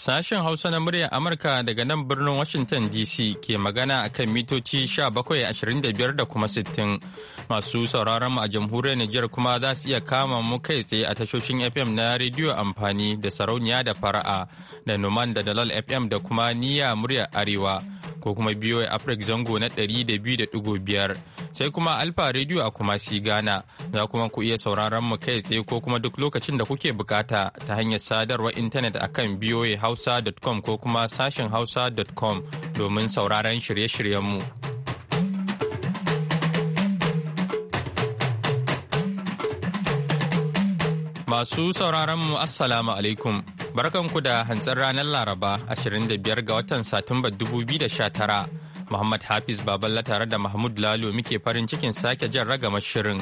Sashen Hausa na murya Amurka daga nan birnin Washington DC ke magana a kan mitoci 1725 da kuma 60. Masu sauraron mu a jamhuriyar Nijar kuma za su iya kama mu kai tsaye a tashoshin FM na rediyo amfani da sarauniya da fara'a da Numan da Dalal FM da kuma Niyya murya Arewa ko kuma a Africa zango na 200.5 sai kuma Alfa rediyo a kuma si Ghana za kuma ku iya sauraron mu kai tsaye ko kuma duk lokacin da kuke bukata ta hanyar sadarwar intanet akan BOA hausa.com ko kuma sashen hausa.com domin sauraron shirye-shiryenmu. Masu sauraronmu Assalamu alaikum. Barkanku da hantsin ranar Laraba 25 ga watan Satumba 2019. Muhammad Hafiz Baballa tare da Mahmud Lalo muke farin cikin sake jan ragamar shirin.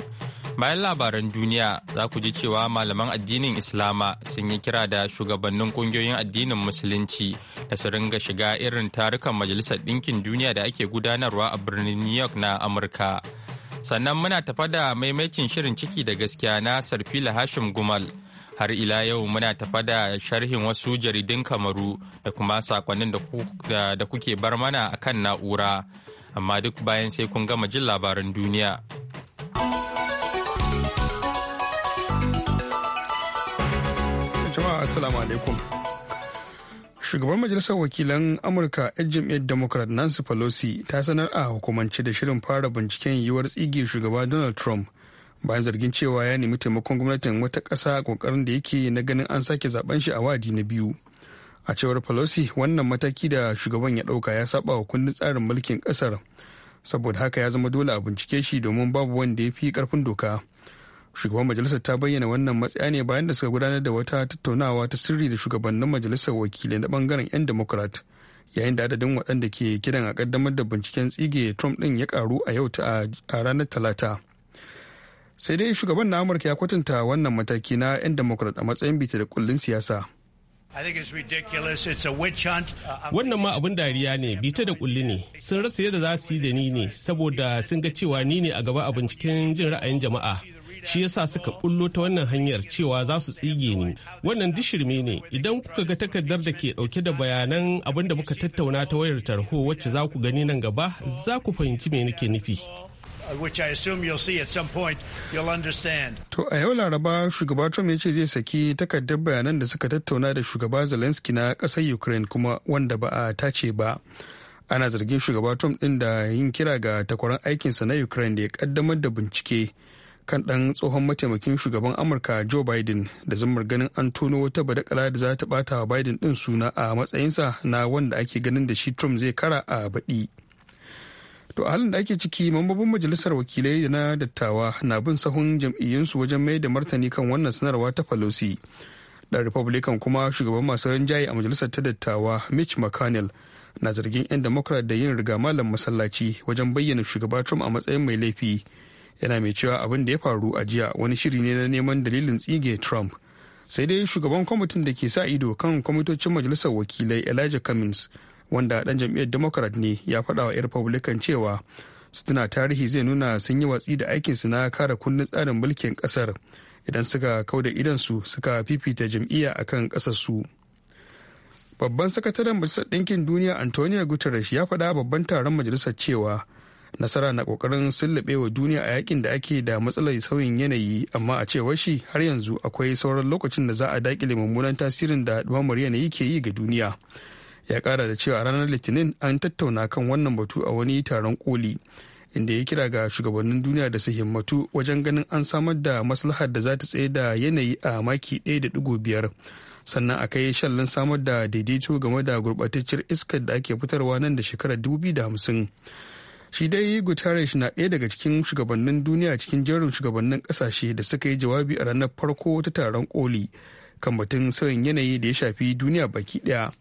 Bayan labaran duniya za ku ji cewa malaman addinin Islama sun yi kira da shugabannin kungiyoyin addinin Musulunci da su ringa shiga irin tarukan Majalisar Ɗinkin Duniya da ake gudanarwa a birnin New York na Amurka. Sannan muna tafa da maimacin shirin ciki da gaskiya na Sarfila Hashim Gumal. har ila yau muna tafa da sharhin wasu jaridun kamaru da kuma sakonnin da kuke bar mana akan na'ura amma duk bayan sai kun gama jin labaran duniya Assalamu alaikum. Shugaban Majalisar Wakilan Amurka 'yan jam'iyyar Democrat Nancy Pelosi ta sanar a hukumance da shirin fara binciken yiwuwar tsige shugaba Donald Trump bayan zargin cewa ya nemi taimakon gwamnatin wata ƙasa ƙoƙarin da yake na ganin an sake zaben shi a wadi na biyu. A cewar Pelosi wannan mataki da shugaban ya ɗauka ya saba wa kundin tsarin mulkin ƙasar saboda haka ya zama dole a bincike shi domin babu wanda ya fi ƙarfin doka. shugaban majalisar ta bayyana wannan matsaya ne bayan da suka gudanar da wata tattaunawa ta sirri da shugabannin majalisar wakilai na bangaren 'yan democrat yayin da adadin waɗanda ke kiran a kaddamar da binciken tsige trump din ya karu a yau a ranar talata sai dai shugaban na amurka ya kwatanta wannan mataki na 'yan democrat a matsayin bita da kullun siyasa uh, Wannan ma abin dariya ne, bita da kulli ne, sun rasa yadda za su yi da ni ne, saboda sun ga cewa ni ne a gaba a binciken jin ra'ayin jama'a. shi yasa suka bullo ta wannan hanyar cewa za su tsige ni wannan dishirme ne idan kuka ga takardar da ke dauke da bayanan abin da muka tattauna ta wayar tarho wacce za ku gani nan gaba za ku fahimci me nake nufi which I assume you'll see at some point, you'll understand. To a yau Laraba shugaba Trump ya ce zai saki takardar bayanan da suka tattauna da shugaba Zelensky na kasar Ukraine kuma wanda ba a tace ba. Ana zargin shugaba Trump ɗin da yin kira ga takwaran aikinsa na Ukraine da ya ƙaddamar da bincike kan ɗan tsohon mataimakin shugaban amurka joe biden da zamar ganin an tono wata badakala da za ta bata wa biden din suna a matsayinsa na wanda ake ganin da shi trump zai kara a baɗi to a halin da ake ciki mambobin majalisar wakilai da na dattawa na bin sahun jam'iyyunsu wajen mai da martani kan wannan sanarwa ta pelosi ɗan republican kuma shugaban masu rinjaye a majalisar ta dattawa mitch mcconnell na zargin 'yan democrat da yin riga malam masallaci wajen bayyana shugaba trump a matsayin mai laifi yana mai cewa abin da ya faru a jiya wani shiri ne na neman dalilin tsige trump sai dai shugaban kwamitin da ke sa ido kan kwamitocin majalisar wakilai elijah cummins wanda dan jam'iyyar democrat ne ya faɗa wa republican cewa suna tarihi zai nuna sun yi watsi da aikinsu na kare kundin tsarin mulkin kasar idan suka kauda su suka fifita jam'iyya akan kasarsu babban sakataren majalisar ɗinkin duniya antonio guterres ya faɗa babban taron majalisar cewa nasara na kokarin wa duniya a yakin da ake da matsalar sauyin yanayi amma a cewar shi har yanzu akwai sauran lokacin da za a dakile mummunan tasirin da dumamar yanayi ke yi ga duniya ya kara da cewa ranar litinin an tattauna kan wannan batu a wani taron koli inda ya kira ga shugabannin duniya da su himmatu wajen ganin an samar da maslahar da za ta tsaye da yanayi a maki ɗaya da biyar sannan a kai shallin samar da daidaito game da gurɓatacciyar iskar da ake fitarwa nan da shekarar hamsin. shi dai guterres na ɗaya daga cikin shugabannin duniya cikin jerin shugabannin ƙasashe da suka yi jawabi a ranar farko ta taron koli kan batun sauyin yanayi da ya shafi duniya baki ɗaya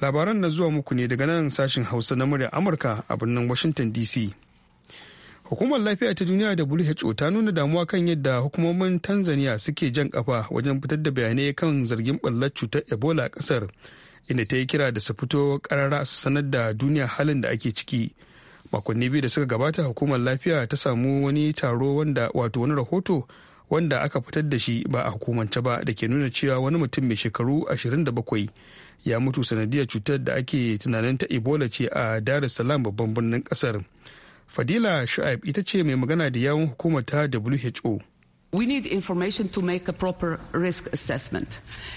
labaran na zuwa muku ne daga nan sashen hausa na murya amurka a birnin washington dc hukumar lafiya ta duniya da who ta nuna damuwa kan yadda hukumomin tanzania suke jan kafa wajen fitar da bayanai kan zargin ɓallar cutar ebola a ƙasar inda ta yi kira da su fito ƙarara su sanar da duniya halin da ake ciki makonni biyu da suka gabata hukumar lafiya ta samu wani taro wanda wato wani rahoto wanda aka fitar da shi ba a hukumance ba da ke nuna cewa wani mutum mai shekaru 27 ya mutu sanadiyar cutar da ake tunanin ta ebola ce a dar es salaam babban birnin kasar fadila shu'aib ita ce mai magana da yawun hukumar ta who We need information to make a proper risk assessment.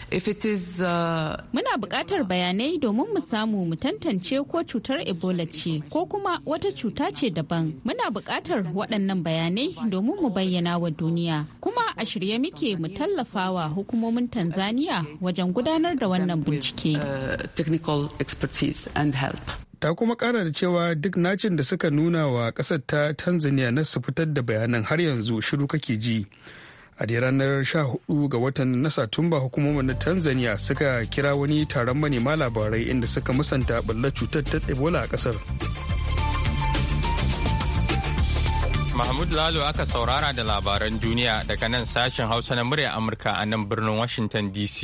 If it is, uh, Muna buƙatar bayanai domin mu samu mu tantance ko cutar Ebola ce ko kuma wata cuta ce daban. Muna buƙatar waɗannan bayanai domin mu bayyana wa duniya. Kuma a shirye muke mu tallafawa hukumomin Tanzania wajen gudanar da wannan bincike. Uh, technical expertise and help. ta kuma kara da cewa duk nacin da suka nuna wa kasar ta tanzania na su fitar da bayanan har yanzu shiru kake ji a da ranar 14 ga watan na satumba hukumomin na tanzania suka kira wani taron manema labarai inda suka musanta ɓullar cutar ta ebola a kasar mahmud lalo aka saurara da labaran duniya daga nan sashen hausa na murya amurka a nan birnin washington dc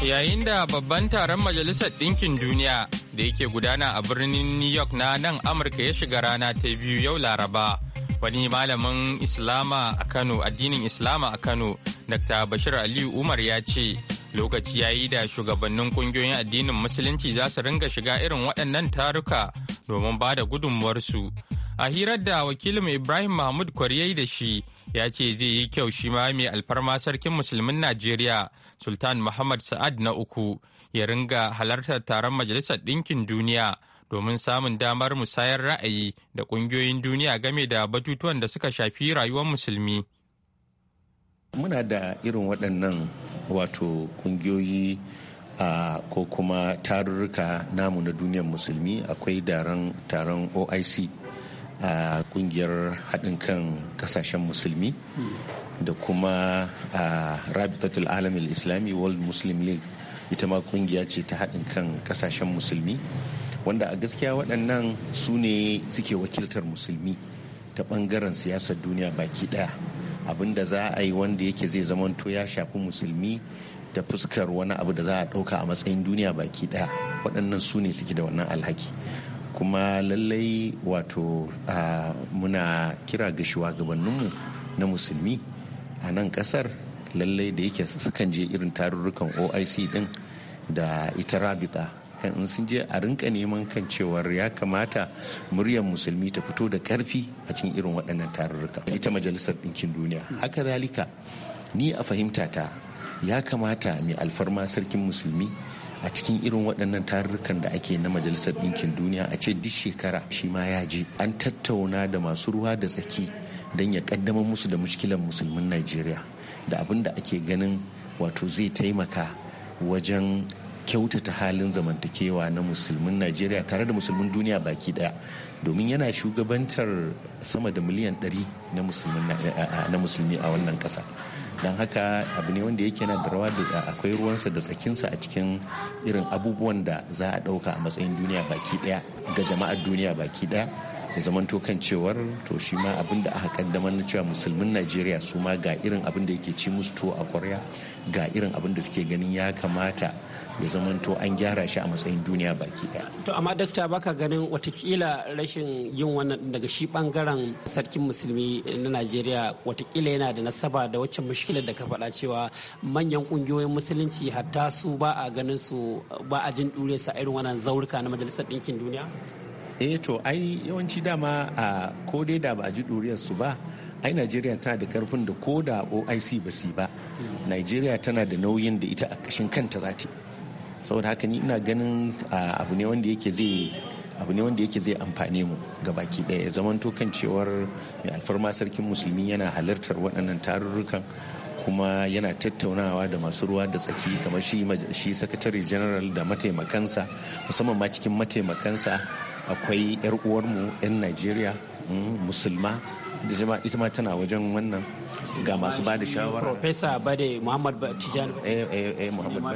yayin da babban taron majalisar ɗinkin duniya da yake gudana a birnin new york na nan amurka ya shiga rana ta biyu yau laraba wani malamin islama a kano addinin islama a kano dr bashir aliyu umar ya ce lokaci ya yi da shugabannin kungiyoyin addinin musulunci za su ringa shiga irin waɗannan taruka domin ba da gudunmuwarsu a hirar da wakilin ibrahim mahmud kwaryai da shi ya ce zai yi kyau shi ma mai alfarma sarkin musulmin najeriya sultan muhammad sa'ad na uku ya ringa halartar taron majalisar ɗinkin duniya domin samun damar musayar ra'ayi da ƙungiyoyin duniya game da batutuwan da suka shafi rayuwar musulmi muna da irin waɗannan wato ƙungiyoyi ko kuma tarurruka namu na duniyar musulmi akwai daren taron oic a kungiyar haɗin kan kasashen musulmi da kuma a rabitatul alamil islami world muslim league ita ma kungiya ce ta haɗin kan kasashen musulmi wanda a gaskiya waɗannan su ne suke wakiltar musulmi ta ɓangaren siyasar duniya baki ɗaya abin da za a yi wanda yake zai zamanto ya shafi musulmi da fuskar wani abu da za a ɗauka a matsayin duniya baki ɗaya waɗannan su ne suke da wannan alhaki kuma lallai wato muna kira ga shugabanninmu na musulmi a nan kasar lallai da yake sukan je irin tarurrukan oic din da ita rabita kan in sun je a rinka neman kan cewar ya kamata muryar musulmi ta fito da karfi a cikin irin waɗannan tarurruka ita majalisar ɗinkin duniya haka zalika ni a fahimta ta ya kamata mai alfarma sarkin musulmi a cikin irin waɗannan tarurrukan da ake na majalisar ɗinkin duniya a ce duk shekara shi ma ya je an tattauna da masu ruwa da tsaki don ya ƙaddamar musu da mushkilan musulmin najeriya da abin da ake ganin wato zai taimaka wajen kyautata halin zamantakewa na musulmin najeriya tare da musulmin duniya baki daya domin yana shugabantar sama da miliyan 100 na musulmi a wannan ƙasa. don haka abu ne wanda yake na da rawa da akwai ruwansa da tsakinsa a cikin irin abubuwan da za a ɗauka a matsayin duniya baki ɗaya ga jama'ar duniya baki ɗaya ya zamanto kan cewar to shi ma abin da aka kaddamar na cewa musulmin najeriya su ma ga irin abin da yake ci musu to a kwarya ga irin abin da suke ganin ya kamata ya zamanto an gyara shi a matsayin duniya baki daya. To amma dakta baka ganin watakila rashin yin wannan daga shi bangaren sarkin musulmi na Najeriya watakila yana da nasaba da waccan mushkilar da ka faɗa cewa manyan ƙungiyoyin musulunci hatta su ba a ganin su ba a jin dure sa irin wannan zaurika na majalisar ɗinkin duniya? eh to ai yawanci dama a ko dai da ba a ji su ba ai najeriya tana da karfin da ko da oic ba su ba najeriya tana da nauyin da ita a kashin kanta za ta saboda haka ni ina ganin abu ne wanda yake zai abu ne wanda yake zai amfane mu ga baki ɗaya zamanto kan cewar mai alfarma sarkin musulmi yana halartar waɗannan tarurrukan kuma yana tattaunawa da masu ruwa da tsaki kamar shi sakatare general da mataimakansa musamman ma cikin mataimakansa akwai 'yar uwarmu 'yan najeriya mm, musulma ita ma tana wajen wannan ga masu ba da shawara profesa bade muhammad tijani eh, eh, eh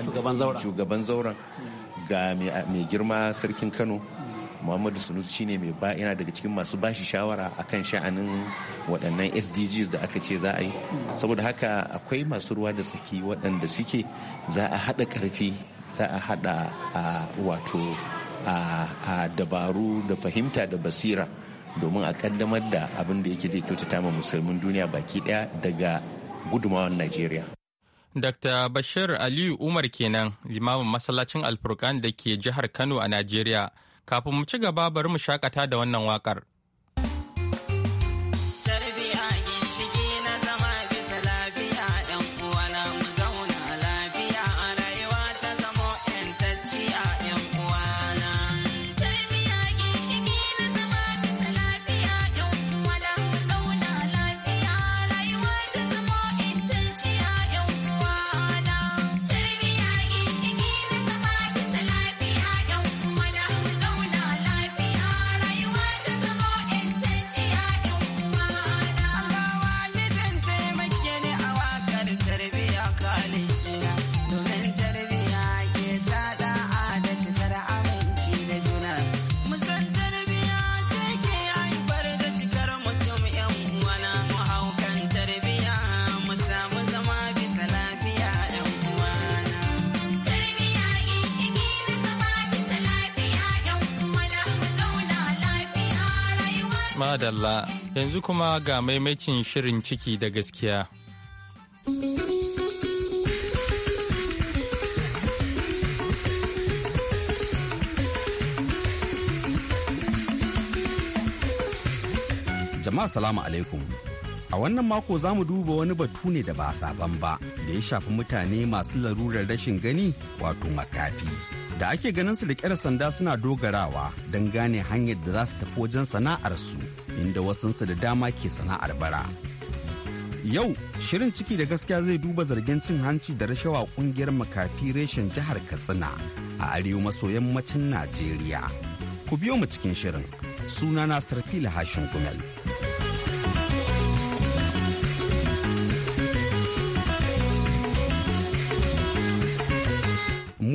shugaban zauren shugaban zauren ga mai girma sarkin kano muhammadu sunusu shine mai ba yana daga cikin masu bashi shawara akan sha'anin waɗannan sdgs da aka ce za a yi saboda haka akwai masu ruwa da tsaki waɗanda suke za a haɗa ƙarfi za a haɗa wato a dabaru da fahimta da basira domin a kaddamar da abin da yake zai kyautata ma musulmin duniya baki daya daga gudumawan najeriya Dr. Bashir Aliyu Umar kenan limamin masallacin Alfurkan da ke jihar Kano a Najeriya. Kafin mu ci gaba bari mu shakata da wannan waƙar. Madalla, yanzu kuma ga maimakin shirin ciki da gaskiya. Jama'a salamu alaikum. A wannan mako za mu duba wani batu ne da ba sabon ba da ya shafi mutane masu larurar rashin gani wato makafi. da ake ganin su da kyar sanda suna dogarawa don gane hanyar da za su tafi wajen sana'arsu inda wasansu da dama ke sana'ar bara. Yau shirin ciki da gaskiya zai duba zargin cin hanci da rashawa kungiyar makafi reshen jihar Katsina a arewa maso yammacin Najeriya. Ku biyo mu cikin shirin sunana Sarfila Hashin Gumel.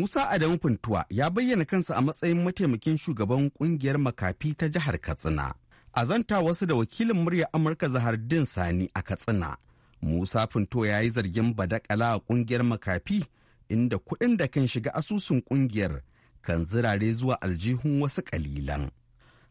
Musa Adamu Funtuwa ya bayyana kansa a matsayin mataimakin shugaban kungiyar makafi ta jihar Katsina. A zanta wasu da wakilin murya Amurka Zahar din Sani a Katsina. Musa Funtuwa ya yi zargin badakala a kungiyar makafi inda kuɗin da kan shiga asusun kungiyar kan zirare zuwa aljihun wasu kalilan.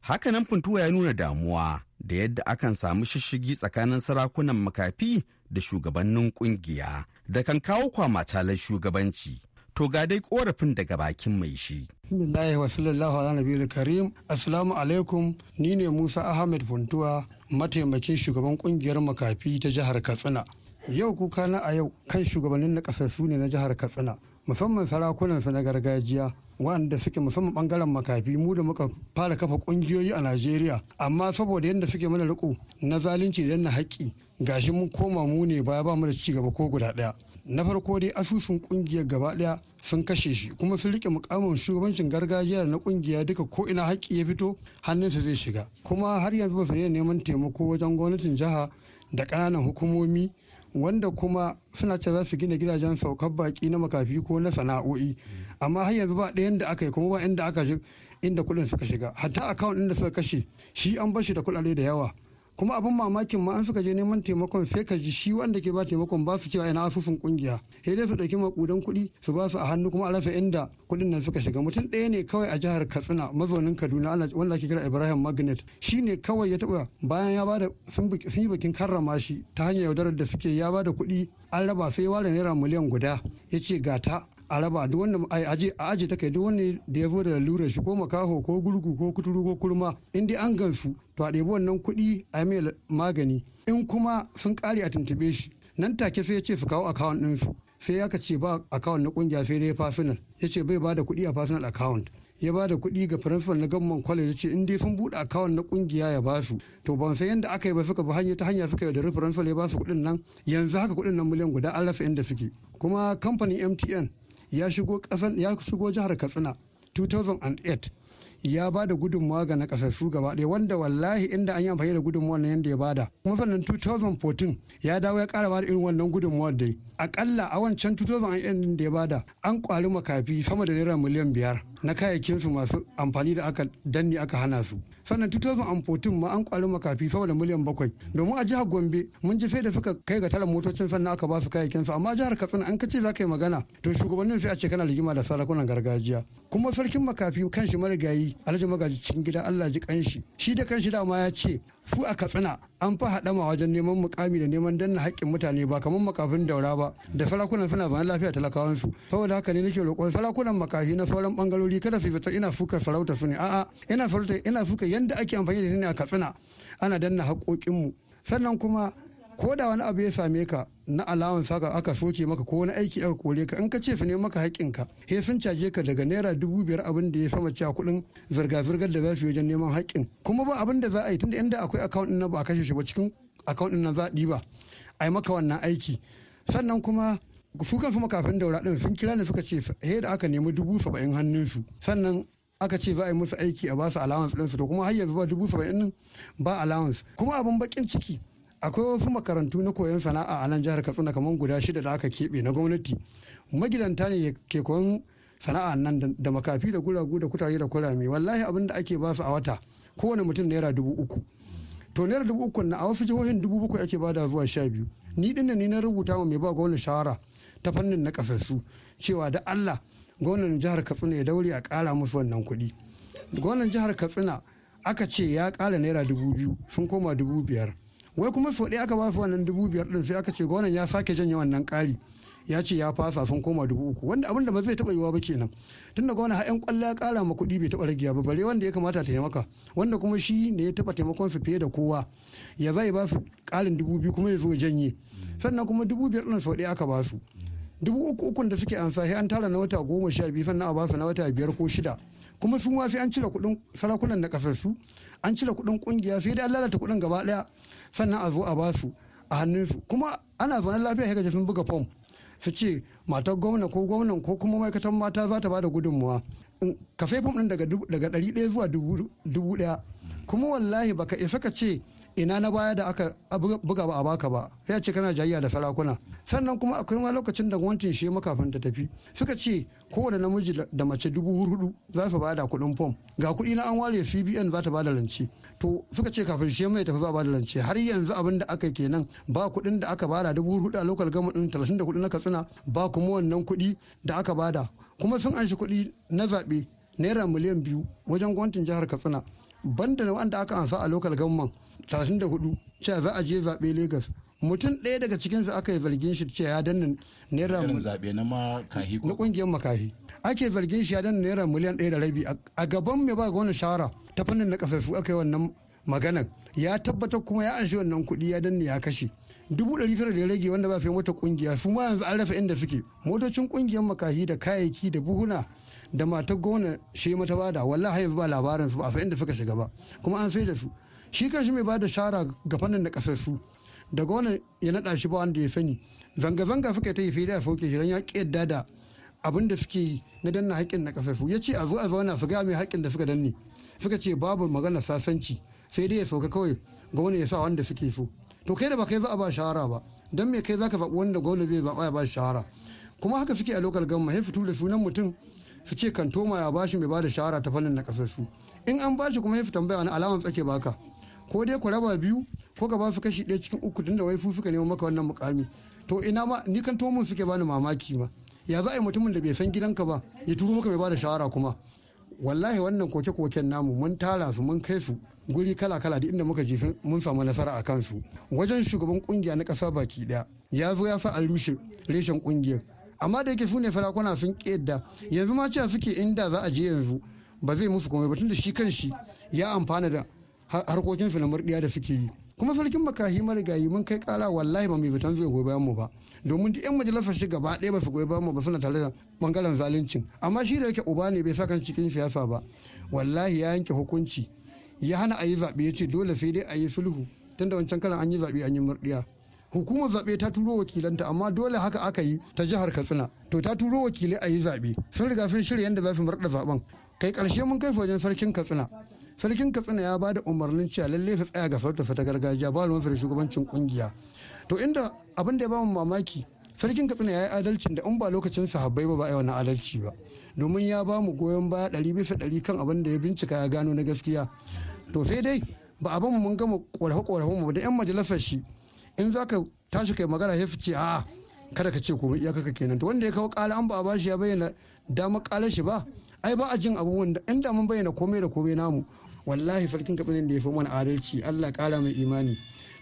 Hakanan Funtuwa ya nuna damuwa da yadda akan samu shishigi tsakanin sarakunan makafi da shugabannin kungiya da kan kawo kwamatalar shugabanci. To ga dai korafin daga bakin mai shi. Bismillah wa sallallahu ala karim. Assalamu alaikum. Ni ne Musa Ahmed Funtuwa, mataimakin shugaban kungiyar makafi ta jihar Katsina. Yau kuka na a yau kan shugabannin na kasassu ne na jihar Katsina, musamman sarakunansa na gargajiya wanda suke musamman bangaren makafi mu da muka fara kafa kungiyoyi a Najeriya amma saboda yadda suke mana riko na zalunci da na haƙƙi gashi mun koma mu ne baya ba mu da ci gaba ko guda ɗaya na farko dai asusun kungiyar gaba ɗaya sun kashe shi kuma sun rike mukamin shugabancin gargajiya na kungiya duka ko ina haƙƙi ya fito hannun hannunsa zai shiga kuma har yanzu ba su neman taimako wajen gwamnatin jiha da ƙananan hukumomi wanda kuma suna ce za su gina gidajen saukar baki na makafi ko na sana'o'i amma har yanzu ba ɗayan da aka yi kuma ba inda aka inda kuɗin suka shiga hatta akawun inda suka kashe shi an bashi da kuɗaɗe da yawa kuma abin mamakin ma an fi je neman taimakon sai ka ji shi wanda ke ba taimakon ba su cewa ina asusun kungiya sai dai su dauki makudan kuɗi su ba su a hannu kuma a rafa inda kuɗin nan suka shiga mutum ɗaya ne kawai a jihar Katsina mazaunin Kaduna wanda ake kira Ibrahim Magnet ne kawai ya taɓa bayan ya bada sun yi bikin karrama shi ta hanyar yaudarar da suke ya bada kuɗi an raba sai ware naira miliyan guda ya ce gata a raba duk wanda a aje ta kai duk wanda da ya zo da lalurar shi ko makaho ko gurgu ko kuturu ko kurma in dai an gansu to a ɗebi wannan kuɗi a mai magani in kuma sun ƙare a tuntuɓe shi nan take sai ya ce su kawo akawun ɗinsu sai aka ce ba akawun na ƙungiya sai dai fasinal ya ce bai ba da kuɗi a fasinal akawun ya ba da kuɗi ga firansifal na gamman kwalej ya ce in dai sun buɗe akawun na ƙungiya ya ba su to ban san yadda aka yi ba suka bi hanya ta hanya suka yaudari firansifal ya ba su kuɗin nan yanzu haka kuɗin nan miliyan guda an rasa inda suke kuma kamfanin mtn ya shigo ya shigo jihar katsina 2008 ya bada da gudunmawa ga nakasassu gaba ɗaya wanda wallahi inda an yi amfani da gudunmawa nan yadda ya bada kuma sannan 2014 ya dawo ya kara bada irin wannan gudunmawar dai akalla a wancan 2008 da ya bada an kwari makafi sama da naira miliyan biyar na kayayyakinsu masu amfani da aka danne aka hana su sannan 2014 ma an kwari makafi sama da miliyan bakwai domin a jihar gombe mun ji sai da suka kai ga tara motocin sannan aka ba su kayayyakinsu amma jihar katsina an kace za ka yi magana to shugabannin sai a ce kana rigima da sarakunan gargajiya kuma sarkin makafi kanshi marigayi alhaji magaji cikin gida allah ji kanshi shi da kanshi dama ya ce su a katsina an fa haɗama wajen neman mukami da neman danna haƙƙin mutane ba kamar makafin daura ba da sarakuna suna bayan lafiya talakawan su saboda haka ne nake roƙon sarakunan makafi na sauran bangarori kada su fita ina fuka sarauta su ne a'a ina farauta ina fuka yanda ake amfani da ni a katsina ana danna haƙoƙinmu sannan kuma ko da wani abu ya same ka na alawan saka aka soke maka ko wani aiki aka kore ka in ka ce su ne maka ka he sun caje ka daga naira dubu biyar abin da ya sama cewa kuɗin zirga-zirgar da za su wajen neman haƙƙin kuma ba abin da za a yi tunda inda akwai akawunt na ba a kashe shi ba cikin akawunt na za a ɗiba a yi maka wannan aiki sannan kuma su kan fi makafin daura ɗin sun kira ne suka ce he da aka nemi dubu saba'in hannun su sannan aka ce za a yi musu aiki a basu allowance ɗinsu to kuma har yanzu ba dubu saba'in ba allowance kuma abin bakin ciki akwai wasu makarantu na koyon sana'a a nan jihar katsina kamar guda shida da aka keɓe na gwamnati magidanta ne ke koyon sana'a nan da makafi da guragu da kutare da kurame wallahi abin da ake ba su a wata kowane mutum naira dubu uku to naira dubu uku na a wasu jihohin dubu bakwai ake bada zuwa sha biyu ni dinna ni na rubuta ma mai ba gwamnati shawara ta fannin na kasassu cewa da Allah gwamnan jihar Katsina ya daure a kara musu wannan kuɗi gwamnan jihar Katsina aka ce ya kara naira dubu biyu sun koma dubu biyar wai kuma sau aka ba su wannan dubu biyar ɗin sai aka ce gwamnan ya sake janye wannan ƙari ya ce ya fasa sun koma dubu uku wanda abin da ba zai taɓa yiwuwa ba kenan tunda gwamnan har yan kwallo ya ƙara ma kuɗi bai taɓa ragiya ba bare wanda ya kamata taimaka wanda kuma shi ne ya taɓa taimakon su fiye da kowa ya zai ba su ƙarin dubu biyu kuma ya zo janye sannan kuma dubu biyar ɗin sau ɗaya aka ba su dubu uku ukun da suke amsa sai an tara na wata goma sha biyu sannan a ba su na wata biyar ko shida kuma sun ma an cire kuɗin sarakunan na kasar su an cire kuɗin kungiya sai dai an lalata kuɗin gaba ɗaya sannan a zo a basu a hannunsu kuma ana zaune lafiya sai sun buga fom su ce matar gwamna ko gwamnan ko kuma ma'aikatan mata za ta bada gudunmuwa kafe fom din daga ɗari ɗaya zuwa dubu kuma wallahi baka isa ka ce ina na baya da aka buga ba a baka ba ya ce kana jayya da sarakuna sannan kuma akwai ma lokacin da wancin shi makafin ta tafi suka ce kowane namiji da mace dubu hudu za su bada kuɗin fom ga kuɗi na an ware cbn za ta bada rance to suka ce kafin shi mai tafi za bada rance har yanzu abin da aka kenan ba kuɗin da aka bada dubu hudu a lokal gama ɗin talatin da kuɗi na katsina ba kuma wannan kuɗi da aka bada kuma sun anshi kuɗi na zaɓe naira miliyan biyu wajen gwamnatin jihar katsina banda na wanda aka ansa a lokal gamman 34 cewa za a je zaɓe Legas. mutum ɗaya daga cikinsu aka yi zargin shi cewa ya danna naira na ƙungiyar makahi ake zargin shi ya danna naira miliyan ɗaya da rabi a gaban mai ba wani shawara ta fannin na kafafu aka yi wannan maganar ya tabbatar kuma ya anshi wannan kuɗi ya danna ya kashe dubu ɗari tara da ya rage wanda ba fi wata ƙungiya su ma yanzu an rafa inda suke motocin ƙungiyar makahi da kayayyaki da buhuna da matar gona shi mata bada wallahi ba labarin su ba a inda suka shiga ba kuma an sai da su shi shi mai bada shara ga fannin na su da gwamnan ya naɗa shi ba wanda ya sani zanga-zanga suka ta yi fi da sauke shi ya ƙi yadda da abin da suke yi na danna haƙƙin na su ya ce a zo a zauna su gaya mai haƙƙin da suka danne suka ce babu magana sasanci sai dai ya sauka kawai wani ya sa wanda suke so to kai da ba kai za a ba shara ba don me kai za ka zaɓi wanda gwamna zai zaɓa ya ba shara kuma haka suke a lokal gamma ya fito da sunan mutum su ce kan toma ya shi mai ba da shara ta fannin na su in an ba shi kuma ya fi tambaya wani alamar tsake baka ko dai ku raba biyu ko ka basu su kashi ɗaya cikin uku tunda wai su suka nemo maka wannan mukami to ina ma ni kan tomin suke bani mamaki ma ya za a yi mutumin da bai san gidanka ba ya turo maka bai bada shawara kuma wallahi wannan koke-koken namu mun tara su mun kai su guri kala-kala da inda muka je mun samu nasara a kansu wajen shugaban kungiya na kasa baki ɗaya ya zo ya sa an rushe reshen kungiyar amma da yake su ne sarakuna sun ƙeda yanzu ma cewa suke inda za a je yanzu ba zai musu komai ba tunda shi kan shi ya amfana da harkokin su na murdiya da suke yi kuma sarkin makahi marigayi mun kai kara wallahi ba mai fitan zai goyi bayan mu ba domin duk yan majalisar shi gaba ɗaya ba su goyi bayan mu ba suna tare da bangaren zaluncin amma shi da yake uba ne bai saka cikin siyasa ba wallahi ya yanke hukunci ya hana a yi zaɓe ya ce dole sai dai a yi sulhu tunda wancan kalan an yi zaɓe an yi murdiya hukumar zaɓe ta turo wakilanta amma dole haka aka yi ta jihar katsina to ta turo wakilai a yi zaɓe sun riga sun shirya yadda za su murɗa zaɓen kai ƙarshe mun kai wajen sarkin katsina sarkin katsina ya ba da umarnin cewa lalle su tsaya ga farta ta gargajiya ba mafi shugabancin kungiya to inda abin da ya ba mu mamaki sarkin katsina ya yi adalcin da in ba lokacin sahabbai ba ba a yi adalci ba domin ya ba mu goyon baya ɗari bisa ɗari kan abin da ya bincika ya gano na gaskiya to sai dai ba abin mun gama ƙorafe ƙorafen mu da yan majalisar shi in za ka tashi kai magana ya fice a kada ka ce ko iyakaka kenan to wanda ya kawo ƙala an ba a bashi ya bayyana damar ƙalar ba ai ba a jin abubuwan da inda mun bayyana komai da komai namu wallahi sarkin kaɓin da ya fi mana adalci allah ƙara mai imani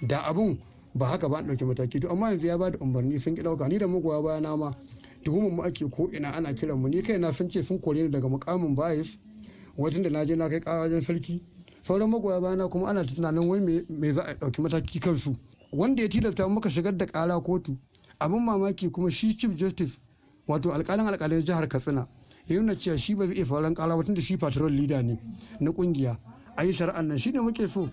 da abun ba haka ba an ɗauki mataki to amma yanzu ya ba da umarni sun ƙi ɗauka ni da magoya baya na ma tuhumar mu ake ko ina ana kiran mu ni kai na sun ce sun kore ni daga mukamin bayis wajen da na je na kai ƙara sarki sauran magoya bayana kuma ana tunanin wai me za a ɗauki mataki kansu wanda ya tilasta muka shigar da ƙara kotu abin mamaki kuma shi chief justice wato alƙalin alƙalin jihar katsina ya nuna cewa shi ba zai iya faruwar ƙara ba da shi patrol leader ne na ƙungiya a yi shari'an nan shine muke so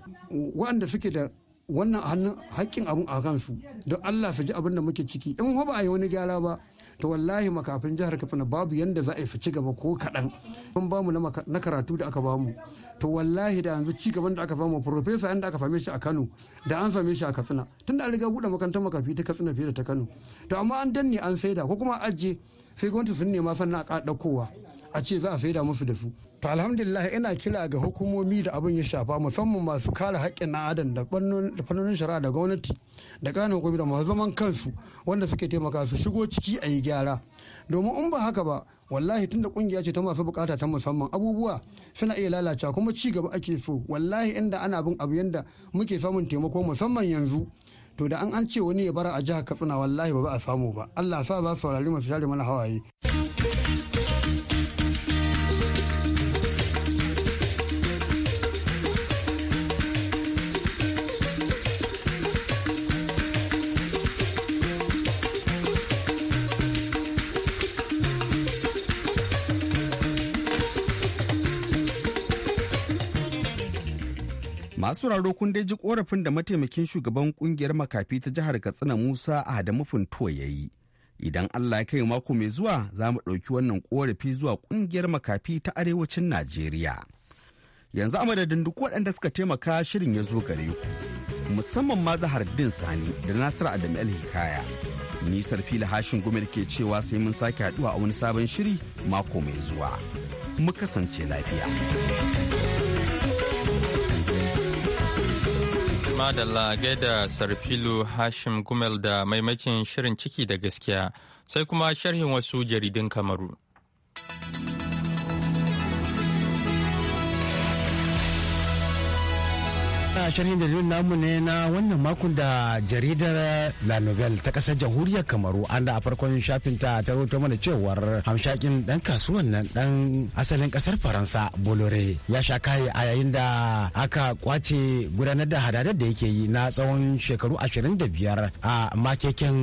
waɗanda suke da wannan hannun haƙƙin abun a kansu don Allah su ji abin da muke ciki in ba a yi wani gyara ba to wallahi makafin jihar katsina babu yanda za a yi ci gaba ko kaɗan ba bamu na karatu da aka bamu to wallahi da yanzu ci gaban da aka bamu profesa yanda aka fame shi a kano da an same shi a katsina tun da an riga buɗe makarantar makafi ta katsina fiye da ta kano to amma an danne an saida ko kuma ajiye sai gwamnati sun nema sannan a ɗaukowa a ce za a saida musu da su to alhamdulillah ina kira ga hukumomi da abin ya shafa musamman masu kare haƙƙin na adam da fannonin shari'a da gwamnati da ƙananan hukumomi da masu zaman kansu wanda suke taimaka su shigo ciki a yi gyara domin in ba haka ba wallahi tunda kungiya ce ta masu bukata ta musamman abubuwa suna iya lalacewa kuma ci gaba ake so wallahi inda ana bin abu yanda muke samun taimako musamman yanzu to da an an ce wani ya bara a jihar katsina wallahi ba za a samu ba allah sa za su saurari masu share mana hawaye. Masu raro kun dai ji korafin da mataimakin shugaban kungiyar makafi ta jihar Katsina Musa Adamu Funtuwa ya yi. Idan Allah ya kai mako mai zuwa za mu ɗauki wannan korafi zuwa kungiyar makafi ta arewacin Najeriya. Yanzu a madadin duk waɗanda suka taimaka shirin ya zo gare ku. Musamman ma Zahar Din Sani da Nasiru Adamu Alhikaya. Nisar fili hashin gumel ke cewa sai mun sake haɗuwa a wani sabon shiri mako mai zuwa. Mu kasance lafiya. Madalla gaida Sarfilu Hashim Gumel da maimakin shirin ciki da gaskiya sai kuma sharhin wasu jaridun Kamaru. a sharhin dalilin namu ne na wannan makon da jaridar la nouvelle ta kasar jamhuriyar kamaru an da a farkon shafin ta ta rubuta mana cewar hamshakin dan kasuwan nan dan asalin kasar faransa bolore ya sha kaye a yayin da aka kwace gudanar da hadadar da yake yi na tsawon shekaru 25 a makeken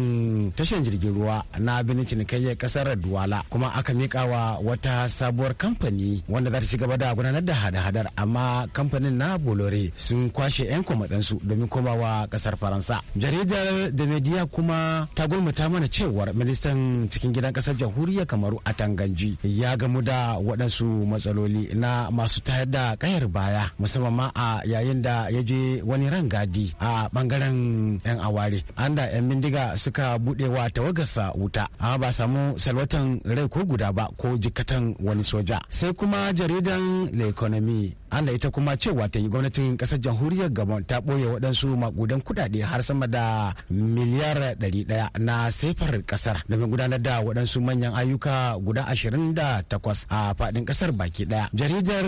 tashar jirgin ruwa na binin cinikayyar kasar duwala kuma aka mika wa wata sabuwar kamfani wanda za ta ci gaba da gudanar da hada-hadar amma kamfanin na bolore sun kwashe 'yan kwamadansu domin komawa kasar faransa jaridar da media kuma ta gulmata mana cewar ministan cikin gidan kasar jamhuriyar kamaru a tanganji ya gamu da waɗansu matsaloli na masu tayar da kayar baya musamman ma a yayin da ya je wani rangadi a bangaren 'yan aware an da 'yan bindiga suka wa tawagarsa wuta amma ba samu salwatan rai ko guda ba ko jikatan wani soja sai kuma jaridan le economy an da ita kuma cewa ta yi gwamnatin kasar jamhuriyar jamhuriyar gabon ta ɓoye waɗansu makudan kuɗaɗe har sama da miliyar ɗari ɗaya na sefar ƙasar domin gudanar da waɗansu manyan ayyuka guda ashirin da takwas a faɗin ƙasar baki ɗaya jaridar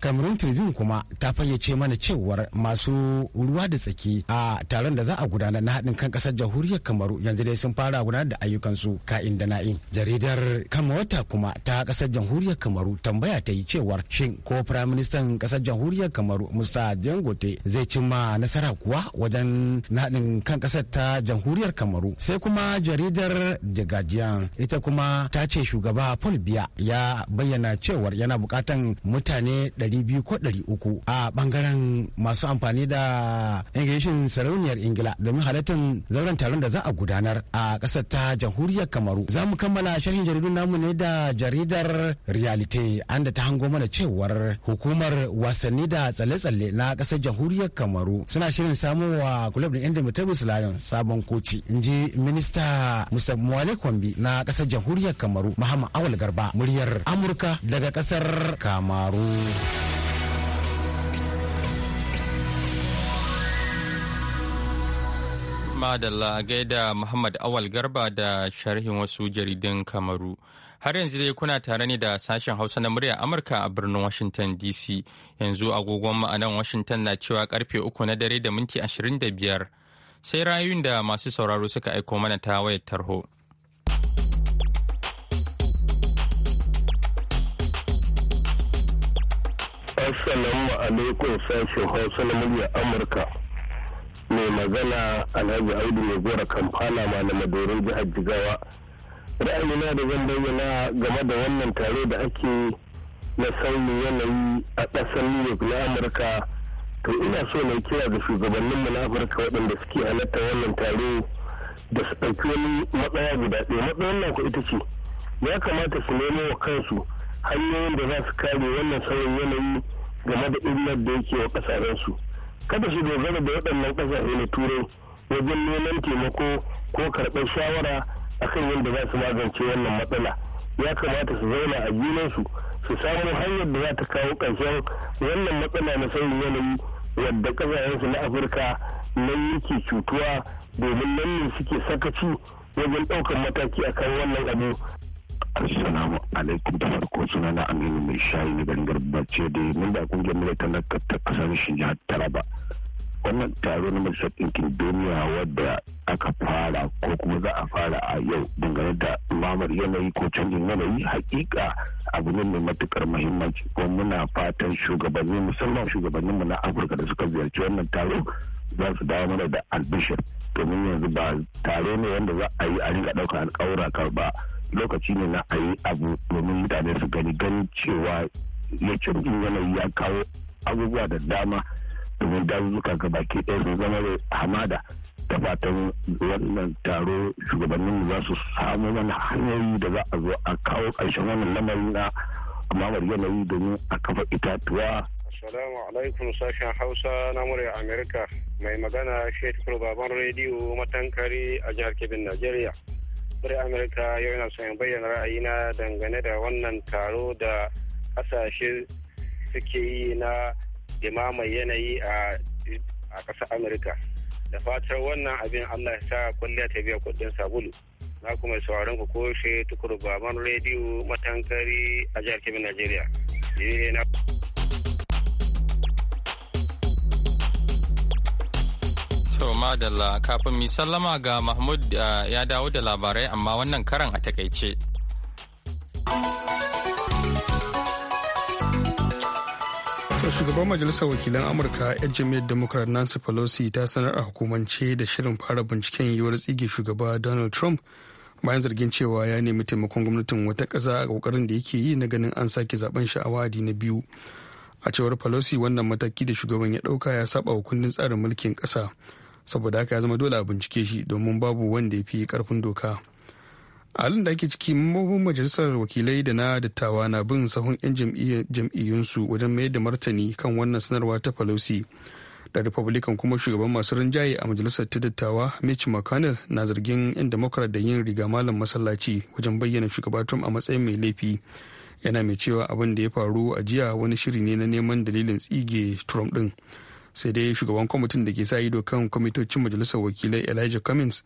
cameroon tribune kuma ta fayyace mana cewar masu ruwa da tsaki a taron da za a gudanar na haɗin kan ƙasar jamhuriyar kamaru yanzu dai sun fara gudanar da ayyukansu ka'in da na'in jaridar kamawata kuma ta ƙasar jamhuriyar kamaru tambaya ta yi cewar shin ko firaministan ƙasar jamhuriyar kamaru musa jangote zai ma nasara kuwa wajen naɗin kan ƙasar ta jamhuriyar kamaru sai kuma jaridar the guardian ita kuma ta ce shugaba paul biya ya bayyana cewar yana buƙatan mutane 200 ko 300 a bangaren masu amfani da ingilishin sarauniyar ingila domin halartar zauren taron da za a gudanar a ƙasar ta jamhuriyar kamaru za mu kammala sharhin jaridun namu ne da jaridar reality an da ta hango mana cewar hukumar wasanni da tsale-tsalle na ƙasar jamhuriyar jamhuriyar kamaru suna shirin samowa club din indomitables lions sabon koci in ji minista mr Muale kwambi na kasar jamhuriyar kamaru muhammad awal garba muryar amurka daga kasar kamaru madalla gaida muhammad awal garba da sharhin wasu jaridun kamaru Har yanzu dai kuna tare ne da sashen Hausa na murya Amurka a birnin Washington DC. Yanzu agogon ma'anan Washington na cewa karfe uku na dare da minti ashirin da biyar Sai rayun da masu sauraro suka aiko mana ta wayar tarho. Assalamu alaikum sashen Hausa na murya Amurka. Mai magana Alhaji Audu mai gora Kampala malama madorin jihar Jigawa. ra'ayina da zan bayyana game da wannan tare da ake na sauyin yanayi a ƙasar new york na amurka to ina so na kira ga mu na afirka waɗanda suke halatta wannan tare da su ɗauki wani matsaya guda ɗaya matsayin nan ita ce ya kamata su nemo wa kansu hanyoyin da za su kare wannan sauyin yanayi game da illar da yake wa ƙasashensu kada su dogara da waɗannan ƙasashe na turai wajen neman taimako ko karɓar shawara akan yadda za su magance wannan matsala ya kamata su zauna a junansu su samu hanyar da za ta kawo ƙarshen wannan matsala na sauyin yanayi wadda ƙasashensu na afirka nan yake cutuwa domin nan ne suke sakaci wajen ɗaukar mataki akan wannan abu Assalamu alaikum da farko suna na Aminu mai shayi ne gangar bace da mun da kungiyar mai talaka ta kasar shi jihar Taraba. wannan taro na majalisar ɗinkin duniya wadda aka fara ko kuma za a fara a yau dangane da mamar yanayi ko canjin yanayi hakika abu ne mai matukar muhimmanci ko muna fatan shugabanni musamman mu na afirka da suka ziyarci wannan taro za su dawo mana da albishir domin yanzu ba taro ne wanda za a yi a ringa ɗaukar alƙawura ka ba lokaci ne na a yi abu domin mutane su gani ganin cewa ya canjin yanayi ya kawo abubuwa da dama domin dazuzzuka ga baki ɗaya sun zama hamada da fatan wannan taro shugabannin za su samu mana hanyoyi da za a zo a kawo ƙarshen wannan lamarin na mamar yanayi domin a kafa itatuwa Assalamu alaikum sashen Hausa na murya Amerika mai magana Shehu Baban Rediyo Matankari a jihar Kebbi, Najeriya. Murya Amerika yau yana son bayyana na dangane da wannan taro da kasashe suke yi na mai yanayi a ƙasar amurka da fatar wannan abin allah ya sa kwalliya ta biya kuɗin sabulu na kuma sauraron ku koshe tukuru baban rediyo matankari a jihar kebbi najeriya madalla kafin mi sallama ga Mahmud ah, ya dawo da labarai amma wannan karan a takaice. shugaban majalisar wakilan amurka yar jami'ar democrat nancy pelosi ta sanar a hukumance da shirin fara binciken yiwuwar tsige shugaba donald trump bayan zargin cewa ya nemi taimakon gwamnatin wata ƙasa a ƙoƙarin da yake yi na ganin an sake zaben shi a wadi na biyu a cewar pelosi wannan mataki da shugaban ya ɗauka ya saba wa kundin tsarin mulkin ƙasa saboda haka ya zama dole a bincike shi domin babu wanda ya fi ƙarfin doka a halin da ake ciki mambobin majalisar wakilai da na dattawa na bin sahun 'yan jam'iyyunsu wajen mayar da martani kan wannan sanarwa ta pelosi da republican kuma shugaban masu rinjaye a majalisar ta dattawa mitch mcconnell na zargin 'yan democrat da yin riga malam masallaci wajen bayyana shugaba trump a matsayin mai laifi yana mai cewa abin da ya faru a jiya wani shiri ne na neman dalilin tsige trump din sai dai shugaban kwamitin da ke sa ido kan kwamitocin majalisar wakilai elijah cummings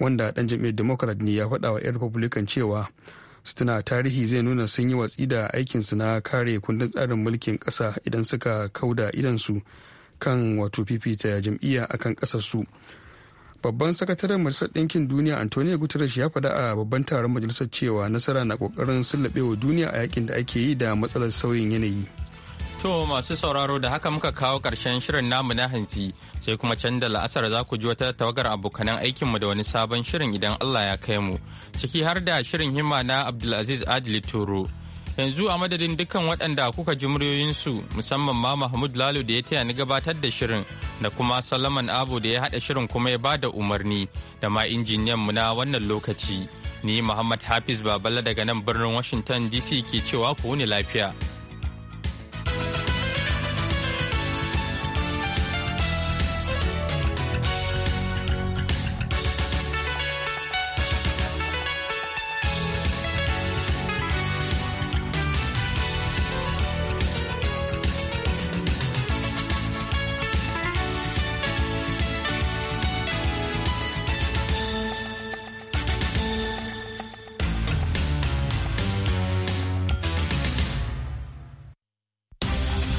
wanda dan jam'iyyar democrat ne ya faɗa wa 'yan republican cewa tuna tarihi zai nuna sun yi watsi da aikinsu na kare kundin tsarin mulkin ƙasa idan suka kauda idansu kan wato fifita jam'iyya akan ƙasarsu babban sakataren majalisar ɗinkin duniya antonio guterres ya faɗa a babban taron majalisar cewa nasara na ƙoƙarin wa duniya a yakin da ake yi da matsalar sauyin yanayi To masu sauraro da haka muka kawo ƙarshen shirin namu na hantsi sai kuma can da la'asar za ku ji wata tawagar abokanan aikinmu da wani sabon shirin idan Allah ya kai mu ciki har da shirin himma na Abdulaziz Adili Turo. Yanzu a madadin dukkan waɗanda kuka ji muryoyinsu musamman ma Mahmud Lalo da ya taya ni gabatar da shirin da kuma Salaman Abu da ya haɗa shirin kuma ya ba da umarni da ma injiniyan mu na wannan lokaci. Ni Muhammad Hafiz Babala daga nan birnin Washington DC ke cewa ku wuni lafiya.